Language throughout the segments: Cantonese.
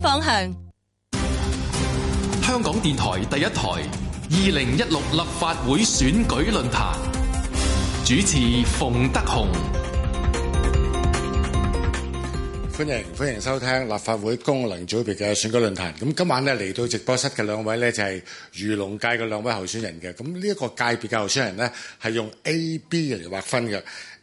方向，香港電台第一台二零一六立法會選舉論壇，主持馮德雄。歡迎，歡迎收聽立法會功能組別嘅選舉論壇。咁今晚咧嚟，到直播室嘅兩位咧就係漁農界嘅兩位候選人嘅。咁呢一個界別嘅候選人咧係用 A、B 嚟劃分嘅。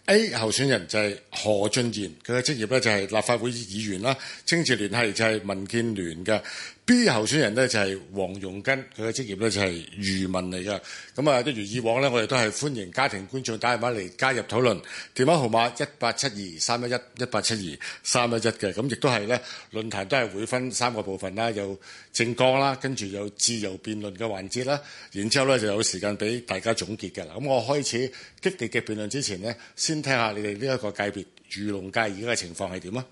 A 候選人就係何俊賢，佢嘅職業咧就係立法會議員啦，政治聯繫就係民建聯嘅。B 候選人咧就係黃容根，佢嘅職業咧就係漁民嚟嘅。咁啊，一如以往咧，我哋都係歡迎家庭觀眾打電話嚟加入討論，電話號碼一八七二三一一一八七二三一一嘅。咁亦都係咧，論壇都係會分三個部分啦，有政綱啦，跟住有自由辯論嘅環節啦，然之後咧就有時間俾大家總結嘅啦。咁我開始激烈嘅辯論之前咧，先聽下你哋呢一個界別漁農界而家嘅情況係點啊？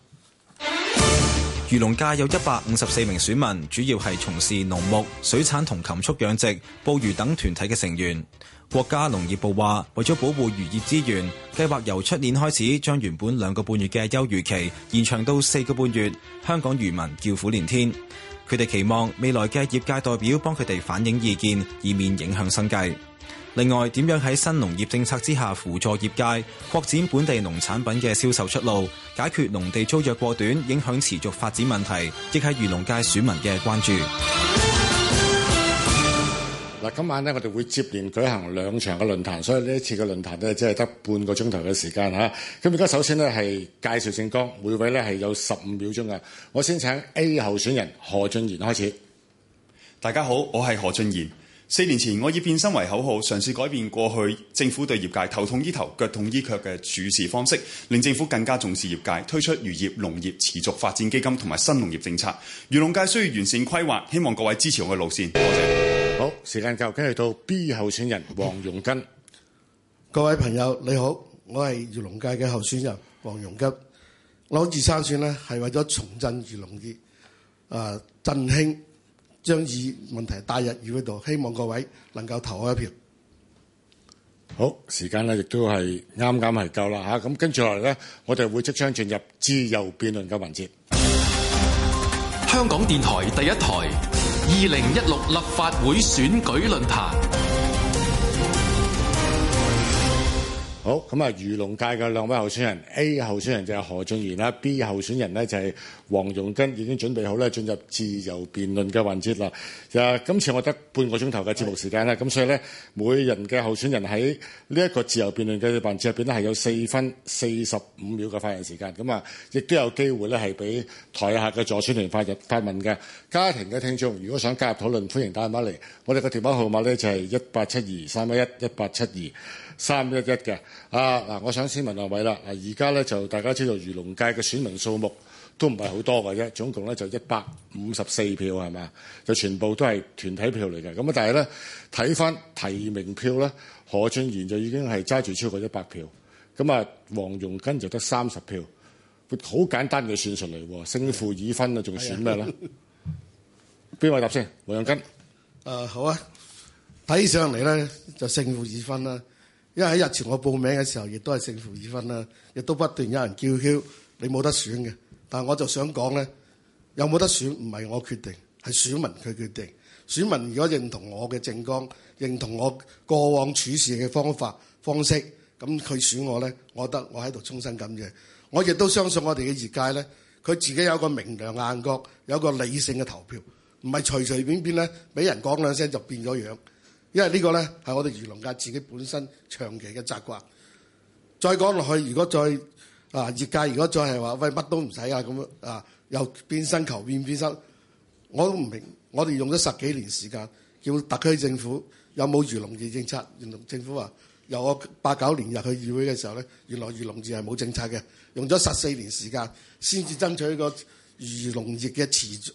漁農界有一百五十四名選民，主要係從事農牧、水產同禽畜養殖、捕魚等團體嘅成員。國家農業部話，為咗保護漁業資源，計劃由出年開始，將原本兩個半月嘅休漁期延長到四個半月。香港漁民叫苦連天，佢哋期望未來嘅業界代表幫佢哋反映意見，以免影響生計。另外，點樣喺新農業政策之下輔助業界擴展本地農產品嘅銷售出路，解決農地租約過短影響持續發展問題，亦係漁農界選民嘅關注。嗱，今晚咧我哋會接連舉行兩場嘅論壇，所以呢一次嘅論壇咧，只係得半個鐘頭嘅時間嚇。咁而家首先咧係介紹性講，每位咧係有十五秒鐘嘅。我先請 A 候選人何俊賢開始。大家好，我係何俊賢。四年前，我以變身為口號，嘗試改變過去政府對業界頭痛醫頭、腳痛醫腳嘅處事方式，令政府更加重視業界，推出漁業、農業持續發展基金同埋新農業政策。漁農界需要完善規劃，希望各位支持我嘅路線。多謝。好，時間夠，跟住到 B 候選人黃容根。各位朋友你好，我係漁農界嘅候選人黃容根。攞住參選呢，係為咗重振漁農業，啊振興。將議問題帶入議嗰度，希望各位能夠投我一票。好，時間咧亦都係啱啱係夠啦嚇，咁、啊、跟住落嚟咧，我哋會即將進入自由辯論嘅環節。香港電台第一台二零一六立法會選舉論壇。好，咁、嗯、啊，漁農界嘅兩位候選人，A 候選人就係何俊賢啦，B 候選人咧就係、是。黃容根已經準備好咧，進入自由辯論嘅環節啦。啊，今次我得半個鐘頭嘅節目時間啦，咁是所以咧，每人嘅候選人喺呢一個自由辯論嘅環節入邊咧，係有四分四十五秒嘅發言時間。咁啊，亦都有機會咧係俾台下嘅助選團發入發問嘅家庭嘅聽眾，如果想加入討論，歡迎打電話嚟。我哋嘅電話號碼咧就係一八七二三一一一八七二三一一嘅。啊嗱、呃，我想先問兩位啦。啊、呃，而家咧就大家知道漁農界嘅選民數目，都唔係好多嘅啫，總共咧就一百五十四票係嘛，就全部都係團體票嚟嘅。咁啊，但係咧睇翻提名票咧，何俊賢就已經係揸住超過一百票，咁啊，黃容根就得三十票，好簡單嘅算術嚟，勝負已分啦，仲的選咩咧？邊位是的 答先？黃容根。誒、呃、好啊，睇上嚟咧就勝負已分啦，因為喺日前我報名嘅時候亦都係勝負已分啦，亦都不斷有人叫囂你冇得選嘅。啊！我就想講咧，有冇得選唔係我決定，係選民佢決定。選民如果認同我嘅政綱，認同我過往處事嘅方法方式，咁佢選我咧，我覺得我喺度衷心感謝。我亦都相信我哋嘅業界咧，佢自己有個明亮眼覺，有個理性嘅投票，唔係隨隨便便咧俾人講兩聲就變咗樣。因為呢個咧係我哋漁農界自己本身長期嘅習慣。再講落去，如果再……啊！業界如果再係話喂，乜都唔使啊咁樣啊，又、啊啊、變身求變變身我都唔明。我哋用咗十幾年時間，叫特區政府有冇漁農業政策？原來政府話由我八九年入去議會嘅時候咧，原來漁農業係冇政策嘅，用咗十四年時間先至爭取個漁農業嘅持續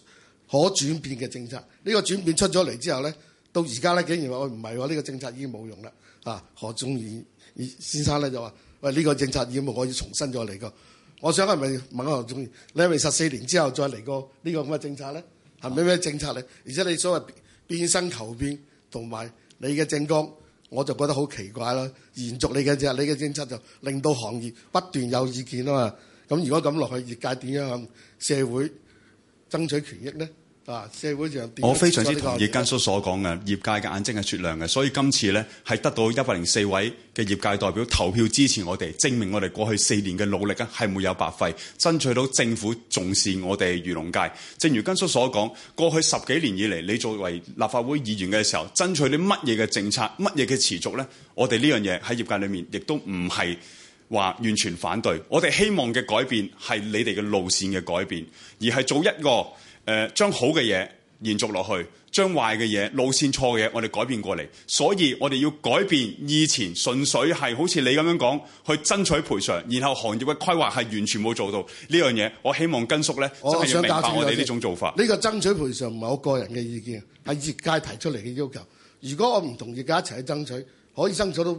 可轉變嘅政策。呢、呢個轉變出咗嚟之後咧，到而家咧竟然話唔係喎，呢、哎啊呢個政策已經冇用啦！啊，何俊賢先生咧就話。喂，呢個政策義務我要重新再嚟過，我想係咪孟學總理？你係咪十四年之後再嚟過呢個咁嘅政策呢？係咩咩政策呢？而且你所謂變身求變，同埋你嘅政綱，我就覺得好奇怪啦！延續你嘅政策，你嘅政策就令到行業不斷有意見啊嘛。咁如果咁落去，業界點樣向社會爭取權益呢？嗱，社會上我非常之同意根叔所講嘅，業界嘅眼睛係雪亮嘅，所以今次咧係得到一百零四位嘅業界代表投票支持我哋，證明我哋過去四年嘅努力啊係沒有白費，爭取到政府重視我哋漁農界。正如根叔所講，過去十幾年以嚟，你作為立法會議員嘅時候，爭取啲乜嘢嘅政策，乜嘢嘅持續咧？我哋呢樣嘢喺業界裏面亦都唔係話完全反對，我哋希望嘅改變，係你哋嘅路線嘅改變，而係做一個。誒將好嘅嘢延續落去，將壞嘅嘢、路線錯嘅嘢，我哋改變過嚟，所以我哋要改變以前純粹係好似你咁樣講去爭取賠償，然後行業嘅規劃係完全冇做到呢樣嘢。我希望根叔咧想真係要明白我哋呢種做法。呢個爭取賠償唔係我個人嘅意見，係業界提出嚟嘅要求。如果我唔同業界一齊去爭取，可以爭取到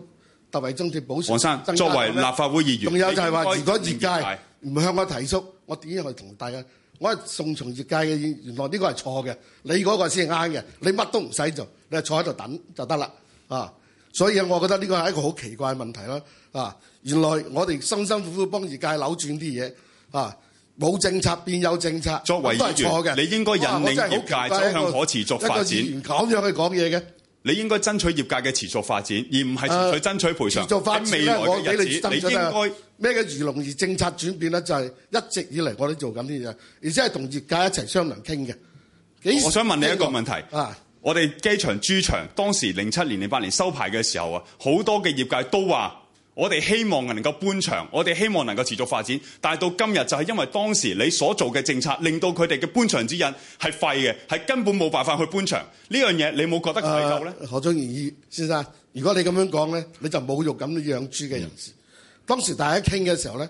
特惠增結補償。黃生作為立法會議員，仲有就係話，應如果業界唔向我提速，我點樣去同大家？我係縱從，從業界嘅，原來呢個係錯嘅，你嗰個先係啱嘅，你乜都唔使做，你就坐喺度等就得啦啊！所以我覺得呢個係一個好奇怪嘅問題囉啊！原來我哋辛辛苦苦幫業界扭轉啲嘢啊，冇政策變有政策，作為業界嘅，都係錯嘅。你應該引領我我業界走向可持續發展。咁樣去講嘢嘅。你應該爭取業界嘅持續發展，而唔係純粹爭取賠償。咁未來嘅日子，你,你應該咩嘅漁農而政策轉變咧？就係一直以嚟我哋做緊啲嘢，而且係同業界一齊商量傾嘅。幾時？我想問你一個問題、這個、啊！我哋機場豬場當時零七年、零八年收牌嘅時候啊，好多嘅業界都話。我哋希望能夠搬場，我哋希望能夠持續發展。但係到今日就係因為當時你所做嘅政策，令到佢哋嘅搬場指引係廢嘅，係根本冇辦法去搬場。呢樣嘢你冇覺得愧疚咧？何俊賢先生，如果你咁樣講咧，你就侮辱咁樣養豬嘅人士。嗯、當時大家傾嘅時候咧，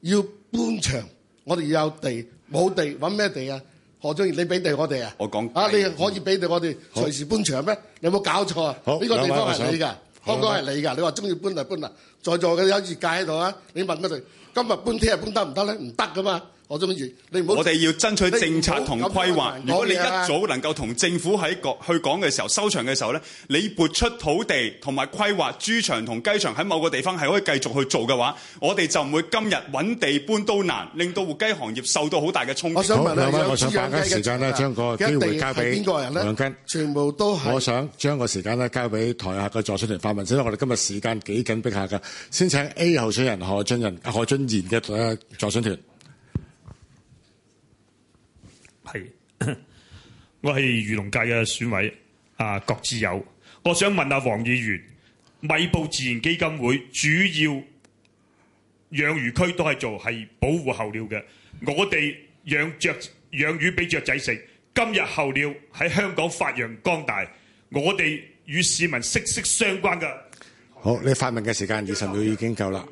要搬場，我哋要有地，冇地揾咩地，地啊？何俊賢，你俾地我哋啊？我講啊，你可以俾地我哋隨好時搬場咩？你有冇搞錯啊？呢好個地方係兩位 你㗎。香港係你㗎，你話中意搬就搬啦，坐坐的在座嘅有業界喺度啊，你問佢哋，今日搬聽日搬得唔得咧？唔得㗎嘛。我中意你唔好。我哋要爭取政策同規劃。如果你一早能夠同政府喺國去講嘅時候，收場嘅時候呢，你撥出土地同埋規劃豬場同雞場喺某個地方係可以繼續去做嘅話，我哋就唔會今日揾地搬都難，令到活雞行業受到好大嘅衝擊。我想問兩分鐘，我想把握時間咧，將個機會交俾容根。斤全部都係我想將個時間咧交俾台下嘅助選團發問先啦。我哋今日時間幾緊迫下噶，先請 A 候選人何俊仁、何俊賢嘅助選團。係， 我係漁農界嘅選委啊，郭志友，我想問下黃議員，米埔自然基金會主要養魚區都係做係保護候鳥嘅，我哋養雀養魚俾雀仔食，今日候鳥喺香港發揚光大，我哋與市民息息相關嘅。好，你發問嘅時間二十秒已經夠啦。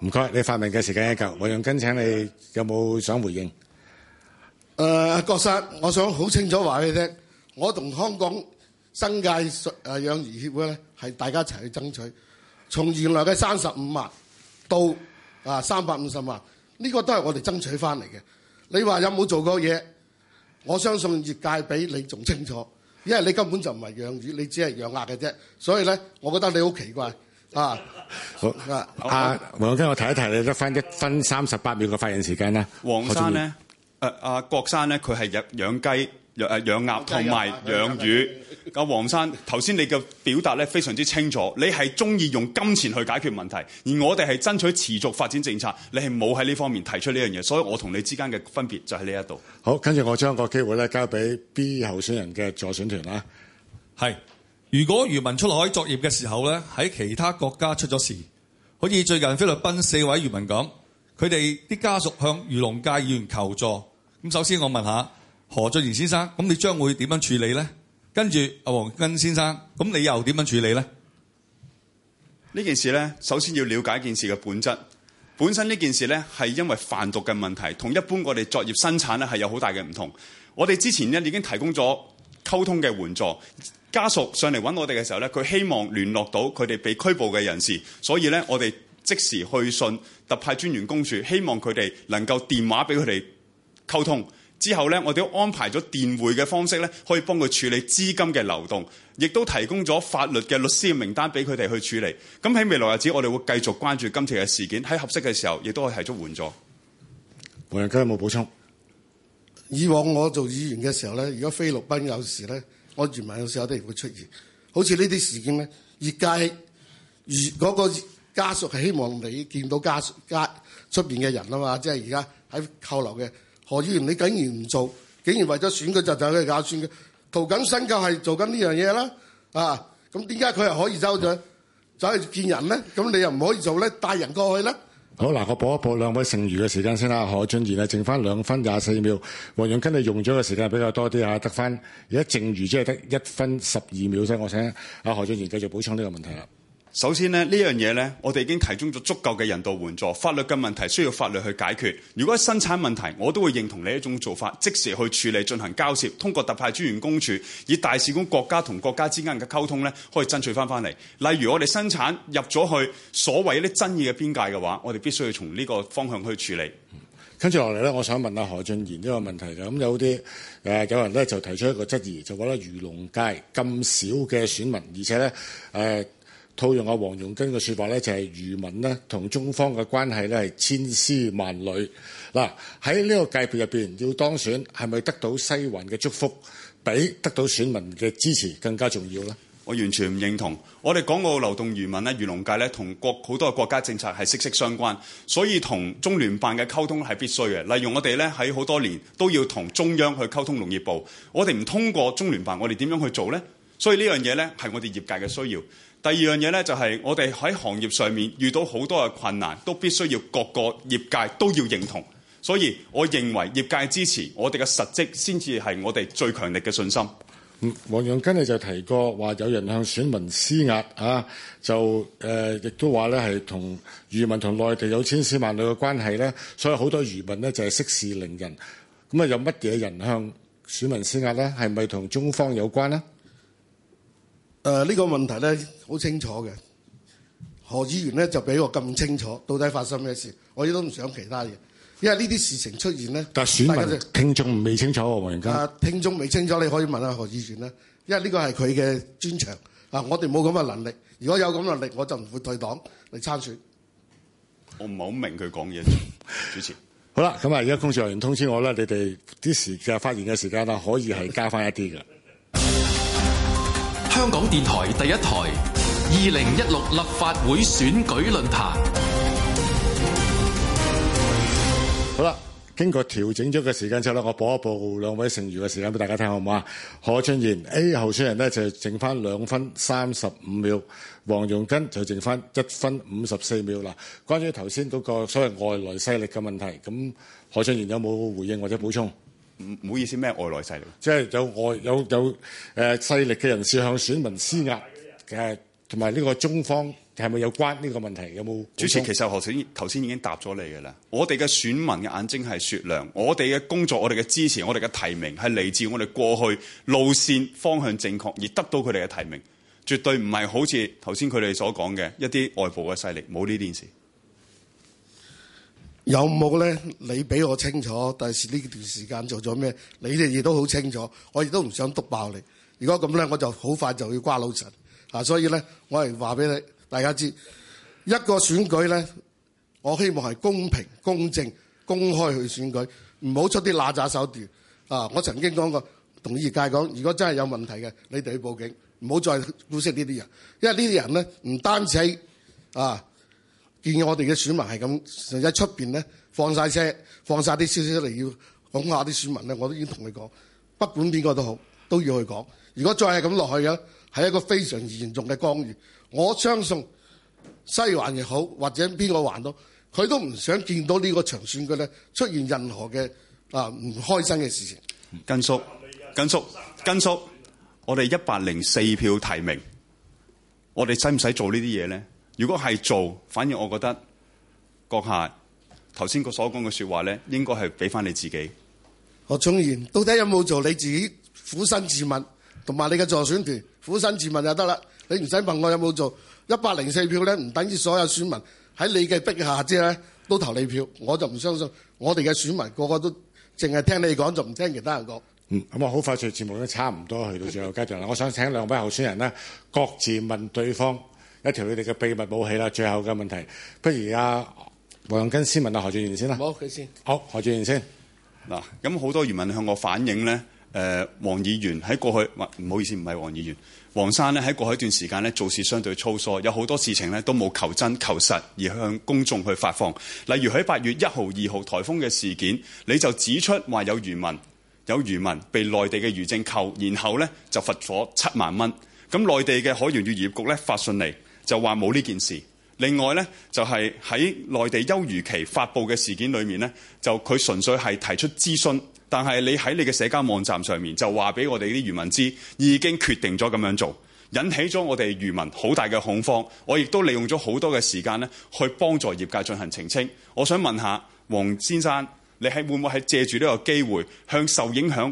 唔該，你發問嘅時間一夠，黃容根，請你有冇想回應？誒、呃、郭生，我想好清楚話畀你聽，我同香港新界誒養魚協會咧係大家一齊去爭取，從原來嘅三十五萬到啊三百五十萬，呢、這個都係我哋爭取翻嚟嘅。你話有冇做過嘢？我相信業界比你仲清楚，因為你根本就唔係養魚，你只係養鴨嘅啫。所以咧，我覺得你好奇怪啊！阿黃生，我提一提你得翻一分三十八秒嘅發言時間咧，黃生咧。誒阿、啊、郭生咧，佢係養養雞、啊、養誒養鴨同埋養魚。阿黃、啊、生，頭先 你嘅表達咧非常之清楚，你係中意用金錢去解決問題，而我哋係爭取持續發展政策，你係冇喺呢方面提出呢樣嘢，所以我同你之間嘅分別就喺呢一度。好，跟住我將個機會咧交俾 B 候選人嘅助選團啦。係，如果漁民出海作業嘅時候咧，喺其他國家出咗事，好似最近菲律賓四位漁民咁。佢哋啲家屬向漁農界議員求助。咁首先我問下何俊賢先生，咁你將會點樣處理呢？跟住阿黃根先生，咁你又點樣處理呢？呢件事呢，首先要了解一件事嘅本質。本身呢件事呢，係因為販毒嘅問題，同一般我哋作業生產呢係有好大嘅唔同。我哋之前呢已經提供咗溝通嘅援助。家屬上嚟揾我哋嘅時候呢，佢希望聯絡到佢哋被拘捕嘅人士，所以呢，我哋，即時去信特派專員公署，希望佢哋能夠電話俾佢哋溝通。之後咧，我哋安排咗電匯嘅方式咧，可以幫佢處理資金嘅流動，亦都提供咗法律嘅律師嘅名單俾佢哋去處理。咁喺未來日子，我哋會繼續關注今次嘅事件。喺合適嘅時候，亦都可以提出援助。黃容根有冇補充？ 以往我做議員嘅時候咧，如果菲律賓有事咧，我漁民有時候都係會出現。好似呢啲事件咧，越界漁嗰家屬係希望你見到家家出邊嘅人啦嘛，即係而家喺扣留嘅何議員，你竟然唔做，竟然為咗選舉就就係搞選嘅，涂謹申就係做緊呢樣嘢啦，啊，咁點解佢又可以走咗走去見人咧？咁你又唔可以做咧？帶人過去咧？好嗱，我補一補兩位剩餘嘅時間先啦。何俊賢啊，剩翻兩分廿四秒，黃容根你用咗嘅時間比較多啲啊，得翻而家剩餘即係得一分十二秒啫。我請阿何俊賢繼續補充呢個問題啦。首先呢，呢樣嘢呢，我哋已經提供咗足夠嘅人道援助。法律嘅問題需要法律去解決。如果生產問題，我都會認同你一種做法，即時去處理，進行交涉，通過特派專員公署，以大使館國家同國家之間嘅溝通呢，可以爭取翻翻嚟。例如我哋生產入咗去所謂一啲爭議嘅邊界嘅話，我哋必須要從呢個方向去處理。跟住落嚟呢，我想問下何俊賢呢個問題就咁、嗯、有啲誒、呃、有人呢，就提出一個質疑，就話咧漁農界咁少嘅選民，而且呢、呃呃呃……」誒。套用阿黃容根嘅説話咧、就是，就係漁民咧同中方嘅關係咧係千絲萬縷嗱。喺、啊、呢個界別入邊，要當選係咪得到西環嘅祝福，比得到選民嘅支持更加重要呢？我完全唔認同。我哋港澳流動漁民咧，漁農界呢同國好多嘅國家政策係息息相關，所以同中聯辦嘅溝通係必須嘅。例如我哋呢喺好多年都要同中央去溝通農業部，我哋唔通過中聯辦，我哋點樣去做呢？所以呢樣嘢呢係我哋業界嘅需要。第二樣嘢咧，就係我哋喺行業上面遇到好多嘅困難，都必須要各個業界都要認同。所以，我認為業界支持我哋嘅實績，先至係我哋最強力嘅信心、嗯。黃容根你就提過話，有人向選民施壓啊，就誒、呃、亦都話咧係同漁民同內地有千絲萬縷嘅關係咧，所以好多漁民咧就係、是、息事寧人。咁啊，有乜嘢人向選民施壓咧？係咪同中方有關咧？誒呢、呃呢個問題咧，好清楚嘅。何議員咧就比我咁清楚，到底發生咩事？我亦都唔想其他嘢，因為呢啲事情出現咧。但選民聽、啊、聽眾未清楚喎，黃仁嘉。誒，聽眾未清楚，你可以問下何議員啦。因為呢個係佢嘅專長。嗱、啊，我哋冇咁嘅能力。如果有咁嘅能力，我就唔會退黨嚟參選。我唔係好明佢講嘢， 主持。好啦，咁啊，而家工作人員通知我啦，你哋啲時間發言嘅時間啊，可以係加翻一啲嘅。香港電台第一台，二零一六立法會選舉論壇。好啦，經過調整咗嘅時間之後咧，我播一播兩位剩餘嘅時間俾大家聽好唔好啊？何俊賢 A 候選人咧就剩翻兩分三十五秒，黃容根就剩翻一分五十四秒。嗱，關於頭先嗰個所謂外來勢力嘅問題，咁何俊賢有冇回應或者補充？唔唔好意思，咩外來勢力？即係有外有有誒、呃、勢力嘅人士向選民施壓，嘅、呃，同埋呢個中方係咪有關呢個問題，有冇？主持其實何先頭先已經答咗你嘅啦。我哋嘅選民嘅眼睛係雪亮，我哋嘅工作、我哋嘅支持、我哋嘅提名係嚟自我哋過去路線方向正確而得到佢哋嘅提名，絕對唔係好似頭先佢哋所講嘅一啲外部嘅勢力，冇呢件事。有冇咧？你俾我清楚，第時呢段時間做咗咩？你哋亦都好清楚，我亦都唔想篤爆你。如果咁咧，我就好快就要瓜老襯啊！所以咧，我係話俾你大家知，一個選舉咧，我希望係公平、公正、公開去選舉，唔好出啲邋遢手段啊！我曾經講過，同業界講，如果真係有問題嘅，你哋去報警，唔好再姑息呢啲人，因為呢啲人咧唔單止啊。建議我哋嘅選民係咁，成日出邊咧放晒車，放晒啲消息出嚟要哄下啲選民咧，我都已經同你講，不管邊個都好，都要去講。如果再係咁落去咧，係一個非常嚴重嘅干預。我相信西環亦好，或者邊個環都，佢都唔想見到呢個場選舉咧，出現任何嘅啊唔開心嘅事情。根叔，根叔，根叔，我哋一百零四票提名，我哋使唔使做呢啲嘢咧？如果係做，反而我覺得閣下頭先個所講嘅説話咧，應該係俾翻你自己。何俊賢，到底有冇做你自己？苦身自問，同埋你嘅助選團苦身自問就得啦。你唔使問我有冇做。一百零四票咧，唔等於所有選民喺你嘅逼下之後咧都投你票。我就唔相信，我哋嘅選民個個都淨係聽你講，就唔聽其他人講。嗯，咁啊，好快脆，節目都差唔多去到最後階段啦。 我想請兩位候選人咧，各自問對方。一條你哋嘅秘密武器啦。最後嘅問題，不如啊，黃容根先問下何俊賢先啦。好，佢先。好，何俊賢先嗱。咁好多漁民向我反映呢，誒、呃、黃議員喺過去，唔好意思，唔係黃議員，黃生呢，喺過去一段時間呢，做事相對粗疏，有好多事情呢都冇求真求實而向公眾去發放。例如喺八月一號、二號颱風嘅事件，你就指出話有漁民有漁民被內地嘅漁政扣，然後呢就罰咗七萬蚊。咁內地嘅海洋與漁業局呢，發信嚟。就話冇呢件事。另外呢，就係喺內地休漁期發布嘅事件裏面呢，就佢純粹係提出諮詢，但係你喺你嘅社交網站上面就話俾我哋啲漁民知，已經決定咗咁樣做，引起咗我哋漁民好大嘅恐慌。我亦都利用咗好多嘅時間呢，去幫助業界進行澄清。我想問下黃先生，你係會唔會係借住呢個機會向受影響、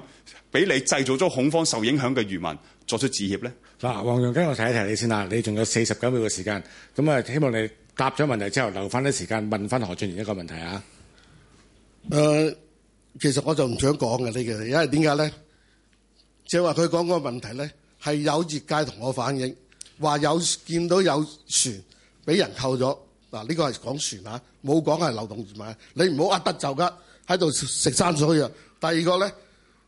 俾你製造咗恐慌、受影響嘅漁民作出致歉呢？嗱，黃容根，我提一提你先啦。你仲有四十九秒嘅時間，咁啊，希望你答咗問題之後，留翻啲時間問翻何俊賢一個問題啊。誒、呃，其實我就唔想講嘅呢個，因為點解咧？即係話佢講個問題咧，係有業界同我反映話有見到有船俾人扣咗。嗱，呢個係講船啊，冇講係流動業啊。你唔好呃得就呃，喺度食三水啊。第二個咧。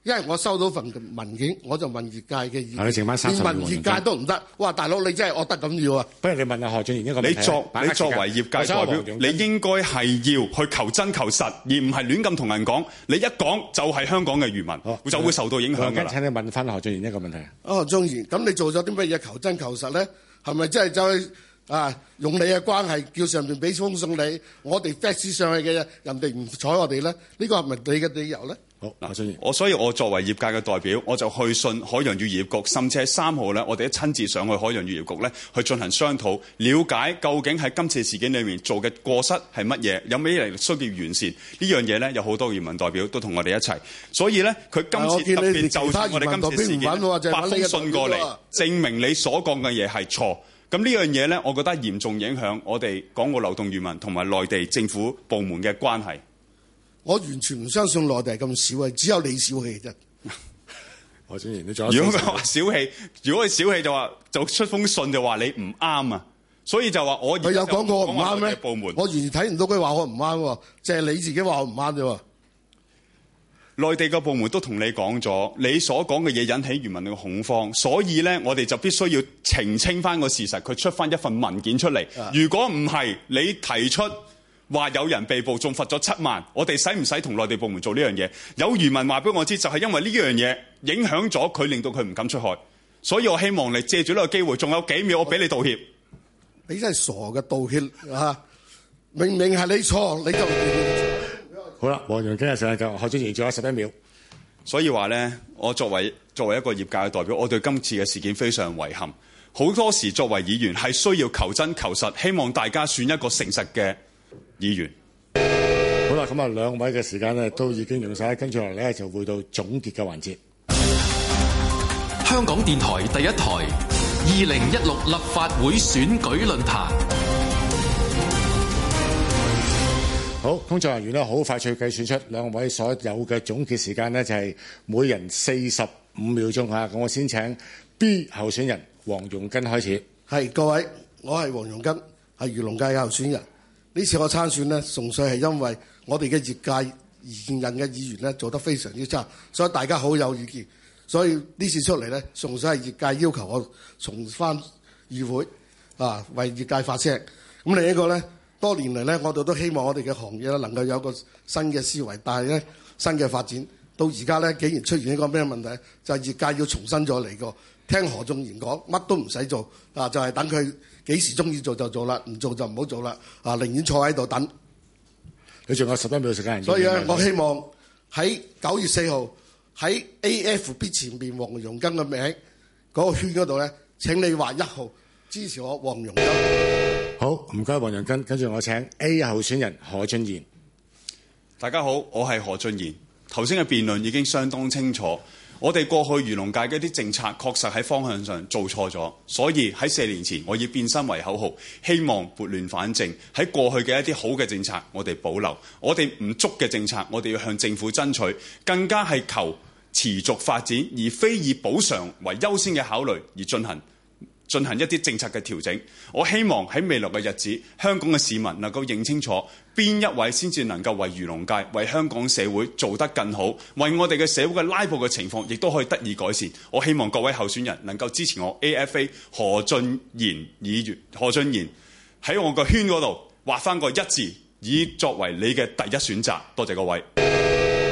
因為我收到份文件，我就問業界嘅意見，而問業界都唔得。哇，大佬你真係惡得緊要啊！不如你問下何俊賢一個問題。你作你作為業界代表，你應該係要去求真求實，而唔係亂咁同人講。你一講就係香港嘅漁民，哦、就會受到影響嘅。請你問翻何俊賢一個問題。啊、哦，何俊賢，咁你做咗啲乜嘢求真求實咧？係咪真係走去啊？用你嘅關係叫上邊俾封信你，我哋 fax 上去嘅人哋唔睬我哋咧？是是呢個係咪你嘅理由咧？好嗱，我所以我作為業界嘅代表，我就去信海洋漁業局，甚至喺三號咧，我哋都親自上去海洋漁業局咧，去進行商討，了解究竟喺今次事件裏面做嘅過失係乜嘢，有咩嘢需要完善呢樣嘢咧，有好多漁民代表都同我哋一齊，所以咧佢今次特別就差我哋今次事件發封信過嚟，證明你所講嘅嘢係錯，咁呢樣嘢咧，我覺得嚴重影響我哋港澳流動漁民同埋內地政府部門嘅關係。我完全唔相信內地係咁少嘅，只有你小氣啫。何先生，你如果佢話小氣，如果佢小氣就話就出封信就話你唔啱啊，所以就話我就有講過唔啱咩？我完全睇唔到佢話我唔啱喎，就係你自己話我唔啱啫喎。內地嘅部門都同你講咗，你所講嘅嘢引起漁民嘅恐慌，所以咧我哋就必須要澄清翻個事實，佢出翻一份文件出嚟。如果唔係，你提出。話有人被捕，仲罰咗七萬，我哋使唔使同內地部門做呢樣嘢？有漁民話俾我知，就係、是、因為呢樣嘢影響咗佢，令到佢唔敢出海。所以我希望你借住呢個機會，仲有幾秒，我俾你道歉。啊、你真係傻嘅道歉啊！明明係你錯，你就好啦。黃容根今日上日就何超盈仲有十一秒，所以話咧，我作為作為一個業界嘅代表，我對今次嘅事件非常遺憾。好多時作為議員係需要求真求實，希望大家選一個誠實嘅議員好啦，咁啊兩位嘅時間呢都已經用晒，跟住落嚟，呢就回到總結嘅環節。香港電台第一台二零一六立法會選舉論壇，好，工作人員呢好快脆計算出兩位所有嘅總結時間呢，就係每人四十五秒鐘吓！咁我先請 B 候選人黃容根開始。係各位，我係黃容根，係漁農界嘅候選人。呢次我參選呢，純粹係因為我哋嘅業界現任嘅議員呢做得非常之差，所以大家好有意見。所以呢次出嚟呢，純粹係業界要求我重返議會啊，為業界發聲。咁另一個呢，多年嚟呢，我哋都希望我哋嘅行業咧能夠有個新嘅思維，但係咧新嘅發展到而家咧竟然出現一個咩問題？就係業界要重新再嚟過，聽何俊賢講乜都唔使做啊，就係等佢。幾時中意做就做啦，唔做就唔好做啦。啊，寧願坐喺度等。你仲有十一秒時間。所以咧、啊，我希望喺九月四號喺 AFB 前邊黃容根嘅名嗰、嗰個圈嗰度咧，請你畫一號支持我黃容根。好，唔該黃容根，跟住我請 A 候選人何俊賢。大家好，我係何俊賢。頭先嘅辯論已經相當清楚。我哋過去漁農界嘅一啲政策確實喺方向上做錯咗，所以喺四年前我以變身為口號，希望撥亂反正。喺過去嘅一啲好嘅政策，我哋保留；我哋唔足嘅政策，我哋要向政府爭取，更加係求持續發展，而非以補償為優先嘅考慮而進行。進行一啲政策嘅調整，我希望喺未來嘅日子，香港嘅市民能夠認清楚邊一位先至能夠為漁農界、為香港社會做得更好，為我哋嘅社會嘅拉布嘅情況亦都可以得以改善。我希望各位候選人能夠支持我 AFA 何俊賢議員何俊賢喺我個圈嗰度畫翻個一字，以作為你嘅第一選擇。多謝各位。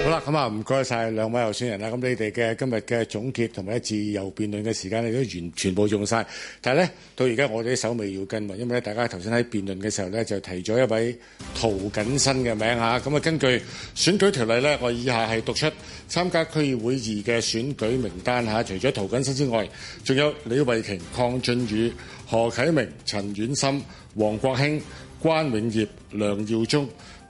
好啦，咁啊，唔該晒兩位候選人啦。咁你哋嘅今日嘅總結同埋嘅自由辯論嘅時間，你都完全部用晒。但係咧，到而家我哋啲手尾要跟喎，因為咧，大家頭先喺辯論嘅時候咧，就提咗一位涂謹申嘅名嚇。咁啊，根據選舉條例咧，我以下係讀出參加區議會議嘅選舉名單嚇、啊。除咗涂謹申之外，仲有李慧瓊、鄺俊宇、何啟明、陳婉心、王國興、關永業、梁耀忠。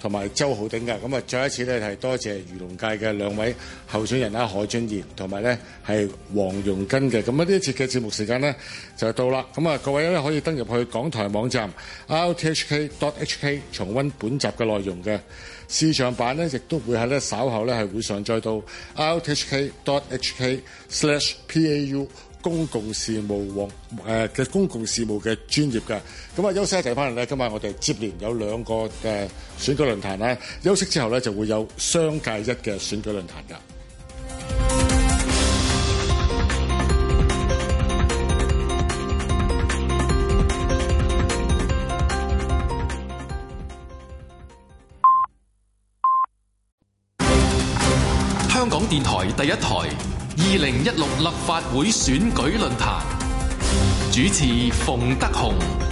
同埋周浩鼎噶，咁啊，再一次咧係多謝漁農界嘅兩位候選人啦，何俊賢同埋咧係黃容根嘅，咁啊呢一次嘅節目時間咧就到啦，咁啊各位咧可以登入去港台網站 rthk.hk 重溫本集嘅內容嘅，視像版咧亦都會喺咧稍後咧係會上載到 rthk.hk/pau。公共事務和嘅，呃、公共事務嘅專業嘅，咁啊休息一陣翻嚟咧。今晚我哋接連有兩個嘅選舉論壇咧，休息之後咧就會有商界一嘅選舉論壇噶。香港電台第一台。二零一六立法會選舉論壇，主持馮德雄。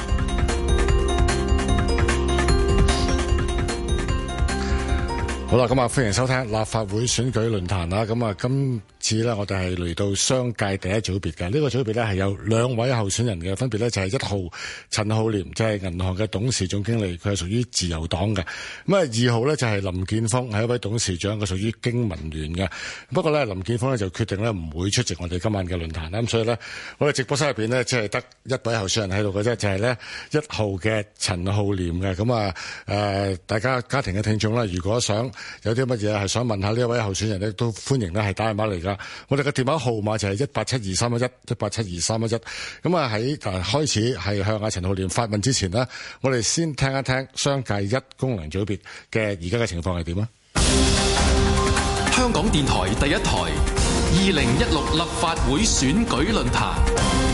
好啦，咁啊，歡迎收聽立法會選舉論壇啦。咁啊，今次咧，我哋係嚟到商界第一組別嘅。呢、這個組別咧，係有兩位候選人嘅，分別咧就係一號陳浩濂，即、就、係、是、銀行嘅董事總經理，佢係屬於自由黨嘅。咁啊，二號咧就係林健鋒，係一位董事長，佢屬於經民聯嘅。不過咧，林健鋒咧就決定咧唔會出席我哋今晚嘅論壇啦。咁所以咧，我哋直播室入邊咧，即係得一位候選人喺度嘅啫，就係咧一號嘅陳浩濂嘅。咁啊，誒，大家家庭嘅聽眾啦，如果想有啲乜嘢係想問一下呢位候選人咧，都歡迎咧係打電話嚟噶。我哋嘅電話號碼就係一八七二三一一，一八七二三一一。咁啊喺誒開始係向阿陳浩濂發問之前呢我哋先聽一聽商界一功能組別嘅而家嘅情況係點啊！香港電台第一台二零一六立法會選舉論壇。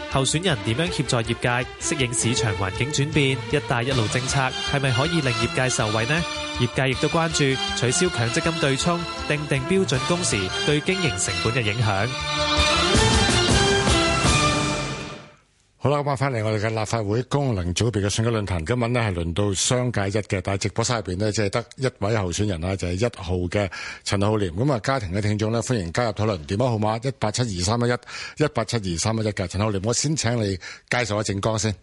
候選人點樣協助業界適應市場環境轉變？“一帶一路”政策係咪可以令業界受惠呢？業界亦都關注取消強積金對沖、訂定，定標準工時對經營成本嘅影響。好啦，今晚翻嚟我哋嘅立法會功能組別嘅選舉論壇，今日呢係輪到商界一嘅，但係直播室入邊呢，即係得一位候選人啦，就係、是、一號嘅陳浩濂。咁啊，家庭嘅聽眾呢，歡迎加入討論，電話號碼一八七二三一一一八七二三一一嘅陳浩濂，我先請你介紹下政綱先，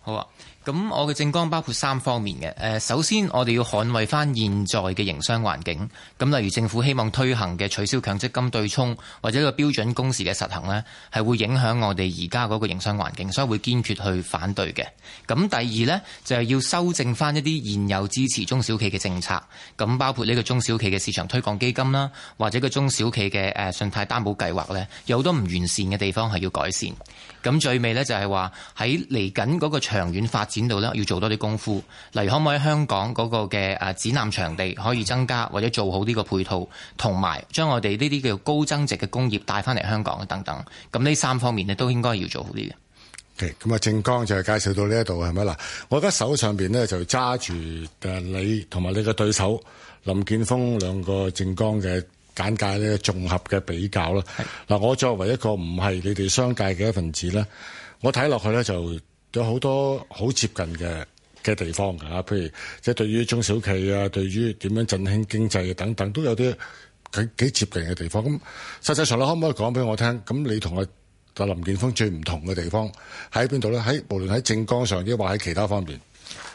好啊。咁我嘅政綱包括三方面嘅，誒首先我哋要捍衛翻現在嘅營商環境，咁例如政府希望推行嘅取消強積金對沖或者個標準工時嘅實行呢，係會影響我哋而家嗰個營商環境，所以會堅決去反對嘅。咁第二呢，就係要修正翻一啲現有支持中小企嘅政策，咁包括呢個中小企嘅市場推廣基金啦，或者個中小企嘅誒信貸擔保計劃呢，有好多唔完善嘅地方係要改善。咁最尾咧就係話喺嚟緊嗰個長遠發展度咧，要做多啲功夫。例如可唔可以喺香港嗰個嘅誒展覽場地可以增加，或者做好呢個配套，同埋將我哋呢啲叫高增值嘅工業帶翻嚟香港等等。咁呢三方面咧都應該要做好啲嘅。咁啊、okay，政綱就係介紹到呢一度係咪？嗱，我而家手上邊咧就揸住誒你同埋你嘅對手林健鋒兩個政綱嘅。簡介呢個，綜合嘅比較啦。嗱是，我作為一個唔係你哋商界嘅一份子咧，我睇落去咧就有好多好接近嘅嘅地方㗎嚇。譬如即係對於中小企啊，對於點樣振興經濟啊等等，都有啲幾幾接近嘅地方。咁實際上你可唔可以講俾我聽？咁你同阿林健鋒最唔同嘅地方喺邊度咧？喺無論喺政綱上，亦或喺其他方面，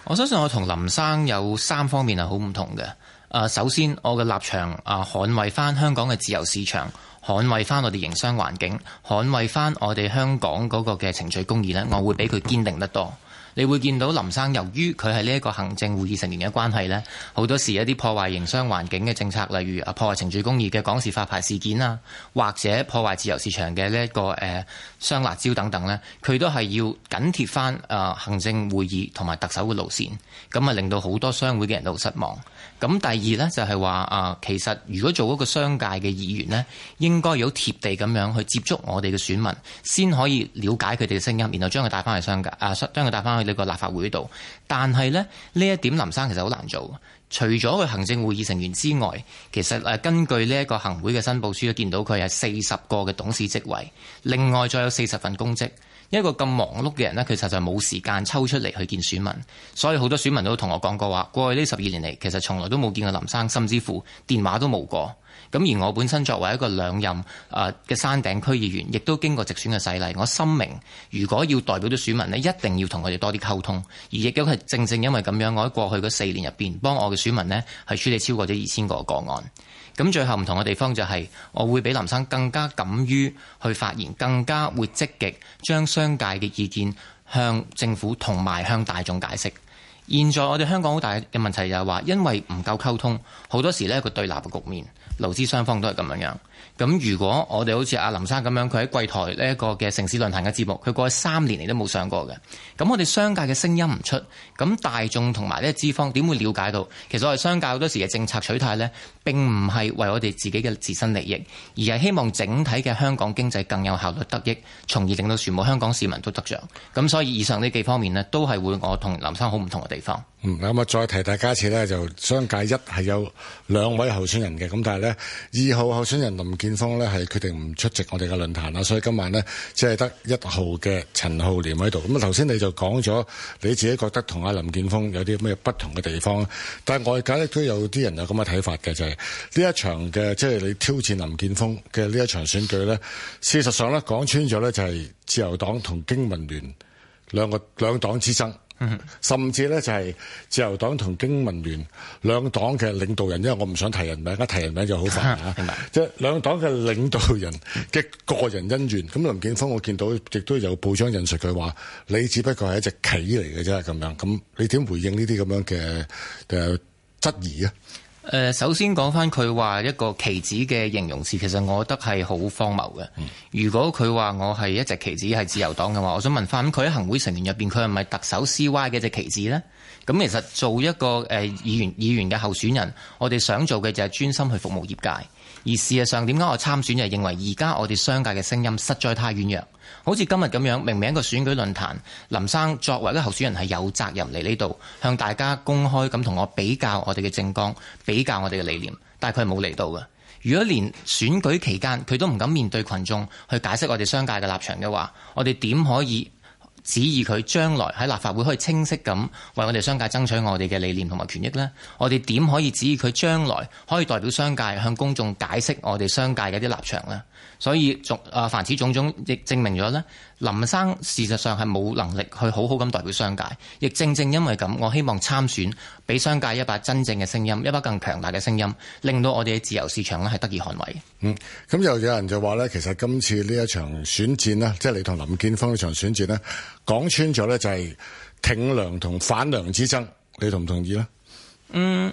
我相信我同林生有三方面係好唔同嘅。誒，首先，我嘅立場，誒，捍衛翻香港嘅自由市場，捍衛翻我哋營商環境，捍衛翻我哋香港嗰個嘅程序公義呢，我會比佢堅定得多。你會見到林生，由於佢係呢一個行政會議成員嘅關係咧，好多時一啲破壞營商環境嘅政策，例如啊破壞程序公義嘅港事發牌事件啊，或者破壞自由市場嘅呢一個誒雙、呃、辣招等等咧，佢都係要緊貼翻誒行政會議同埋特首嘅路線，咁啊令到好多商會嘅人都好失望。咁第二咧就係話啊，其實如果做一個商界嘅議員咧，應該有貼地咁樣去接觸我哋嘅選民，先可以了解佢哋嘅聲音，然後將佢帶翻嚟商界啊，將佢帶翻。喺呢個立法會度，但係咧呢一點林生其實好難做。除咗佢行政會議成員之外，其實誒根據呢一個行會嘅申報書，見到佢有四十個嘅董事職位，另外再有四十份公職。一個咁忙碌嘅人呢，其實就冇時間抽出嚟去見選民。所以好多選民都同我講過話，過去呢十二年嚟，其實從來都冇見過林生，甚至乎電話都冇過。咁而我本身作為一個兩任誒嘅山頂區議員，亦都經過直選嘅洗禮。我深明如果要代表到選民咧，一定要同佢哋多啲溝通。而亦都係正正因為咁樣，我喺過去嗰四年入邊，幫我嘅選民咧係處理超過咗二千個個案。咁最後唔同嘅地方就係，是，我會比林生更加敢於去發言，更加會積極將商界嘅意見向政府同埋向大眾解釋。現在我哋香港好大嘅問題就係話，因為唔夠溝通，好多時呢個對立嘅局面，勞資雙方都係咁樣樣。咁如果我哋好似阿林生咁樣，佢喺櫃台呢一個嘅城市論壇嘅節目，佢過去三年嚟都冇上過嘅。咁我哋商界嘅聲音唔出，咁大眾同埋呢個資方點會了解到？其實我哋商界好多時嘅政策取態呢，並唔係為我哋自己嘅自身利益，而係希望整體嘅香港經濟更有效率得益，從而令到全部香港市民都得着。咁所以以上呢幾方面呢，都係會我同林生好唔同嘅地。嗯，咁啊，再提大家一次咧，就商界一係有兩位候選人嘅，咁但係咧二號候選人林健鋒，咧係決定唔出席我哋嘅論壇啦，所以今晚咧只係得一號嘅陳浩濂喺度。咁啊，頭先你就講咗你自己覺得同阿林健鋒有啲咩不同嘅地方，但係外界亦都有啲人有咁嘅睇法嘅，就係呢一場嘅即係你挑戰林健鋒嘅呢一場選舉咧，事實上咧講穿咗咧就係自由黨同經民聯兩個兩黨之爭。甚至咧就係自由黨同經民聯兩黨嘅領導人，因為我唔想提人名，一提人名就好煩啊。即係 兩黨嘅領導人嘅個人恩怨。咁林健鋒，我見到亦都有報章引述佢話：你只不過係一隻棋嚟嘅啫。咁樣咁，你點回應呢啲咁樣嘅誒質疑啊？首先講翻佢話一個棋子嘅形容詞，其實我覺得係好荒謬嘅。嗯、如果佢話我係一隻棋子，係自由黨嘅話，我想問翻，佢、嗯、喺行會成員入邊，佢係咪特首 C Y 嘅一隻棋子呢？咁其實做一個誒、呃、議員，議員嘅候選人，我哋想做嘅就係專心去服務業界。而事實上，點解我參選就係認為而家我哋商界嘅聲音實在太軟弱，好似今日咁樣，明明一個選舉論壇，林生作為個候選人係有責任嚟呢度向大家公開咁同我比較我哋嘅政綱，比較我哋嘅理念，但係佢冇嚟到嘅。如果連選舉期間佢都唔敢面對群眾去解釋我哋商界嘅立場嘅話，我哋點可以，指意佢將來喺立法會可以清晰咁為我哋商界爭取我哋嘅理念同埋權益呢？我哋點可以指意佢將來可以代表商界向公眾解釋我哋商界嘅一啲立場呢？所以，種啊，凡此種種，亦證明咗呢，林生事實上係冇能力去好好咁代表商界，亦正正因為咁，我希望參選，俾商界一把真正嘅聲音，一把更強大嘅聲音，令到我哋嘅自由市場呢係得以捍衞。嗯，咁又有人就話呢，其實今次呢一場選戰呢即係你同林健鋒呢場選戰呢講穿咗呢，就係挺梁同反梁之爭，你同唔同意呢？嗯，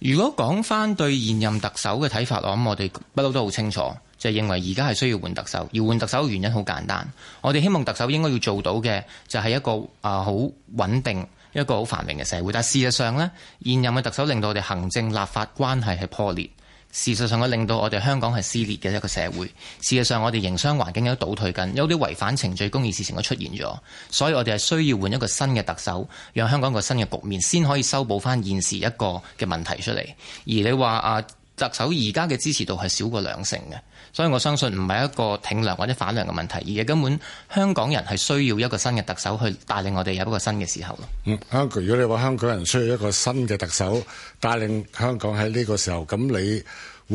如果講翻對現任特首嘅睇法，我諗我哋不嬲都好清楚。就認為而家係需要換特首，而換特首嘅原因好簡單。我哋希望特首應該要做到嘅就係一個啊好穩定、一個好繁榮嘅社會。但事實上呢，現任嘅特首令到我哋行政立法關係係破裂。事實上，佢令到我哋香港係撕裂嘅一個社會。事實上，我哋營商環境有倒退緊，有啲違反程序公義事情都出現咗。所以我哋係需要換一個新嘅特首，讓香港一個新嘅局面先可以修補翻現時一個嘅問題出嚟。而你話啊，特首而家嘅支持度係少過兩成嘅。所以我相信唔係一個挺梁或者反梁嘅問題，而係根本香港人係需要一個新嘅特首去帶領我哋有一個新嘅時候咯。嗯，Uncle, 如果你話香港人需要一個新嘅特首帶領香港喺呢個時候，咁你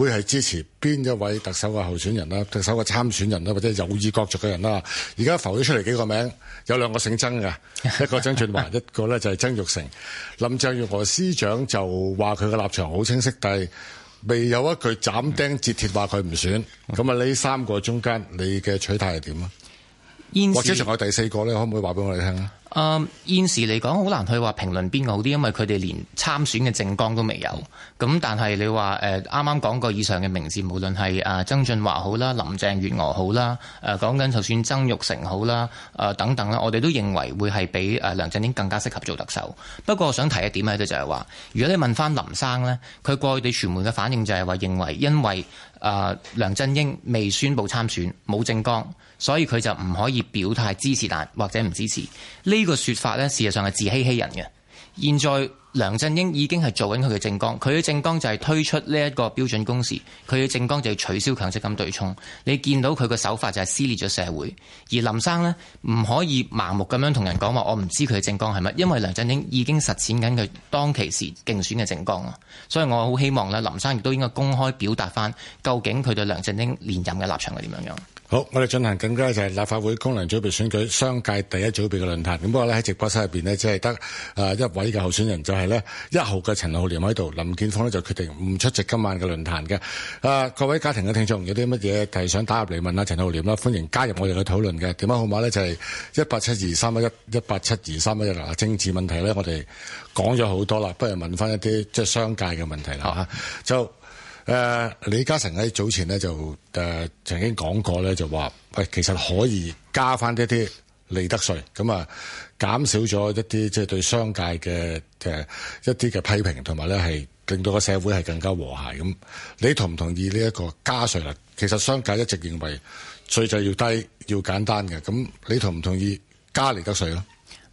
會係支持邊一位特首嘅候選人啦、特首嘅參選人啦，或者有意角逐嘅人啦？而家浮咗出嚟幾個名，有兩個姓曾嘅， 一個曾俊華，一個咧就係曾鈺成。林鄭月娥司長就話，佢嘅立場好清晰，但係，未有一句斬釘截鐵話佢唔選，咁啊呢三個中間你嘅取態係點啊？或者仲有第四個咧，可唔可以話俾我哋聽啊？誒現時嚟講，好、嗯、難去話評論邊個好啲，因為佢哋連參選嘅政綱都未有。咁但係你話誒啱啱講過以上嘅名字，無論係誒曾俊華好啦、林鄭月娥好啦、誒講緊就算曾鈺成好啦、誒、呃、等等啦，我哋都認為會係比誒梁振英更加適合做特首。不過我想提一點喺就係、是、話，如果你問翻林生呢，佢過去對傳媒嘅反應就係話，認為因為誒、呃、梁振英未宣佈參選，冇政綱。所以佢就唔可以表態支，支持，但或者唔支持呢個說法咧，事實上係自欺欺人嘅。現在梁振英已經係做緊佢嘅政綱，佢嘅政綱就係推出呢一個標準工時，佢嘅政綱就係取消強積金對沖。你見到佢嘅手法就係撕裂咗社會，而林生咧唔可以盲目咁樣同人講話。我唔知佢嘅政綱係乜，因為梁振英已經實踐緊佢當其時競選嘅政綱啊。所以我好希望咧，林生亦都應該公開表達翻，究竟佢對梁振英連任嘅立場係點樣樣。好，我哋進行緊嘅就係立法會功能組別選舉，商界第一組別嘅論壇。咁不過咧喺直播室入邊呢，即係得誒一位嘅候選人就呢，就係咧一號嘅陳浩濂喺度。林健鋒呢就決定唔出席今晚嘅論壇嘅。誒、呃，各位家庭嘅聽眾，有啲乜嘢係想打入嚟問下陳浩濂啦，歡迎加入我哋嘅討論嘅。電話號碼咧就係、是、一,一,一八七二三一一一八七二三一一嗱。政治問題咧，我哋講咗好多啦，不如問翻一啲即係商界嘅問題啦吓。好就誒、呃、李嘉誠喺早前咧就誒、呃、曾經講過咧就話喂，其實可以加翻一啲利得稅，咁啊減少咗一啲即係對商界嘅誒、呃、一啲嘅批評同埋咧係令到個社會係更加和諧咁。你同唔同意呢一個加稅啦？其實商界一直認為稅就要低要簡單嘅，咁你同唔同意加利得稅咯？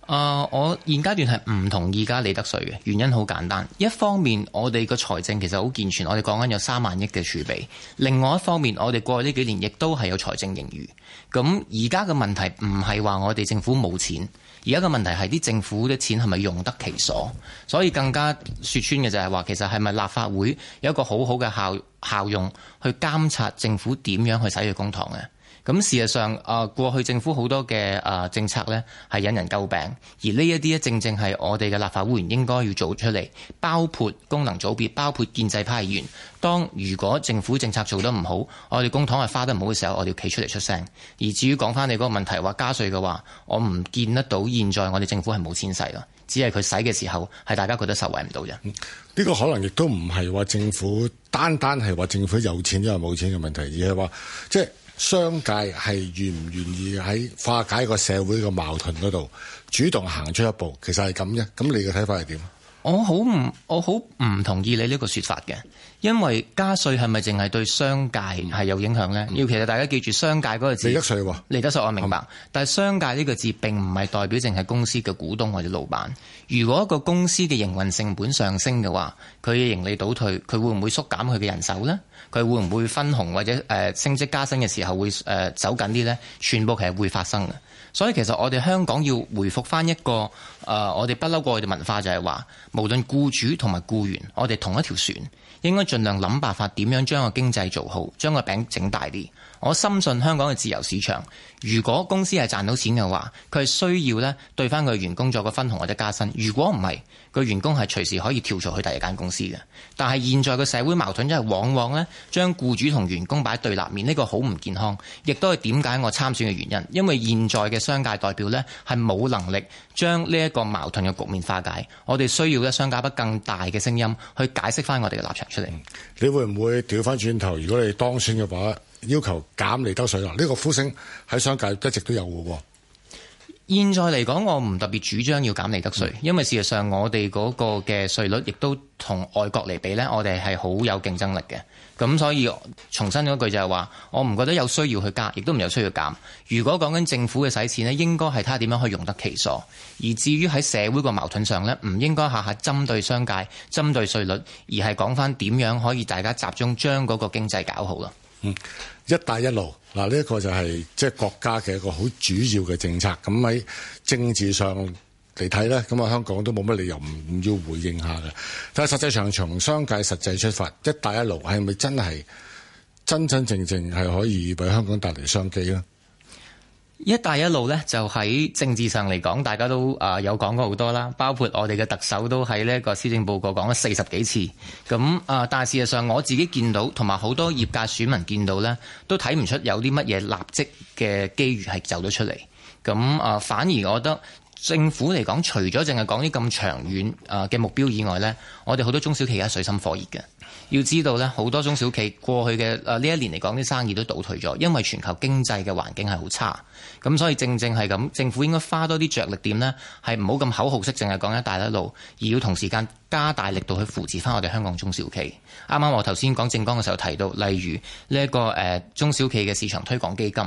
啊！Uh, 我現階段係唔同意加利得稅嘅，原因好簡單。一方面，我哋個財政其實好健全，我哋講緊有三萬億嘅儲備。另外一方面，我哋過去呢幾年亦都係有財政盈餘。咁而家嘅問題唔係話我哋政府冇錢，而家嘅問題係啲政府啲錢係咪用得其所。所以更加說穿嘅就係話，其實係咪立法會有一個好好嘅效效用去監察政府點樣去使用公帑嘅？咁事實上，啊，過去政府好多嘅啊政策呢係引人詬病，而呢一啲咧，正正係我哋嘅立法會員應該要做出嚟，包括功能組別，包括建制派員。當如果政府政策做得唔好，我哋公帑係花得唔好嘅時候，我哋企出嚟出聲。而至於講返你嗰個問題話加稅嘅話，我唔見得到現在我哋政府係冇錢使咯，只係佢使嘅時候係大家覺得受惠唔到咋。呢、嗯這個可能亦都唔係話政府單單係話政府有錢定係冇錢嘅問題，而係話即係。商界係願唔願意喺化解個社會個矛盾嗰度主動行出一步，其實係咁啫。咁你嘅睇法係點？我好唔我好唔同意你呢個說法嘅，因為加稅係咪淨係對商界係有影響咧？要其實大家記住商界嗰個字，利得稅喎，啊，利得稅我明白。嗯、但係商界呢個字並唔係代表淨係公司嘅股東或者老闆。如果一個公司嘅營運成本上升嘅話，佢嘅盈利倒退，佢會唔會縮減佢嘅人手咧？佢會唔會分紅或者誒、呃、升職加薪嘅時候會誒、呃、走緊啲呢？全部其實會發生嘅，所以其實我哋香港要回復翻一個誒、呃，我哋不嬲過去嘅文化就係話，無論僱主同埋僱員，我哋同一條船，應該盡量諗辦法點樣將個經濟做好，將個餅整大啲。我深信香港嘅自由市場，如果公司係賺到錢嘅話，佢係需要咧對翻佢員工作個分紅或者加薪。如果唔係，個員工係隨時可以跳出去第二間公司嘅。但係現在嘅社會矛盾真係往往咧將僱主同員工擺喺對立面，呢個好唔健康，亦都係點解我參選嘅原因。因為現在嘅商界代表咧係冇能力將呢一個矛盾嘅局面化解。我哋需要咧商界不更大嘅聲音去解釋翻我哋嘅立場出嚟。你會唔會調翻轉頭，如果你當選嘅話。要求減利得稅啦，呢個呼聲喺商界一直都有嘅喎。現在嚟講，我唔特別主張要減利得稅，嗯、因為事實上我哋嗰個嘅稅率亦都同外國嚟比呢，我哋係好有競爭力嘅。咁所以重申一句就係話，我唔覺得有需要去加，亦都唔有需要減。如果講緊政府嘅使錢呢，應該係睇下點樣去用得其所。而至於喺社會個矛盾上呢，唔應該下下針對商界、針對稅率，而係講翻點樣可以大家集中將嗰個經濟搞好咯。嗯。一帶一路嗱，呢一個就係即係國家嘅一個好主要嘅政策。咁喺政治上嚟睇咧，咁啊香港都冇乜理由唔要回應下嘅。但係實際上從商界實際出發，一帶一路係咪真係真真正正係可以為香港帶嚟商機咧？一帶一路咧，就喺政治上嚟講，大家都啊有講過好多啦，包括我哋嘅特首都喺呢個施政報告講咗四十幾次咁啊。但係事實上，我自己見到同埋好多業界選民見到咧，都睇唔出有啲乜嘢立即嘅機遇係走咗出嚟咁啊。反而我覺得政府嚟講，除咗淨係講啲咁長遠啊嘅目標以外咧，我哋好多中小企業水深火熱嘅。要知道咧，好多中小企過去嘅誒呢一年嚟講，啲生意都倒退咗，因為全球經濟嘅環境係好差，咁所以正正係咁，政府應該花多啲着力點呢，係唔好咁口號式，淨係講一帶一路，而要同時間加大力度去扶持翻我哋香港中小企。啱啱我頭先講政綱嘅時候提到，例如呢一、這個誒、呃、中小企嘅市場推廣基金，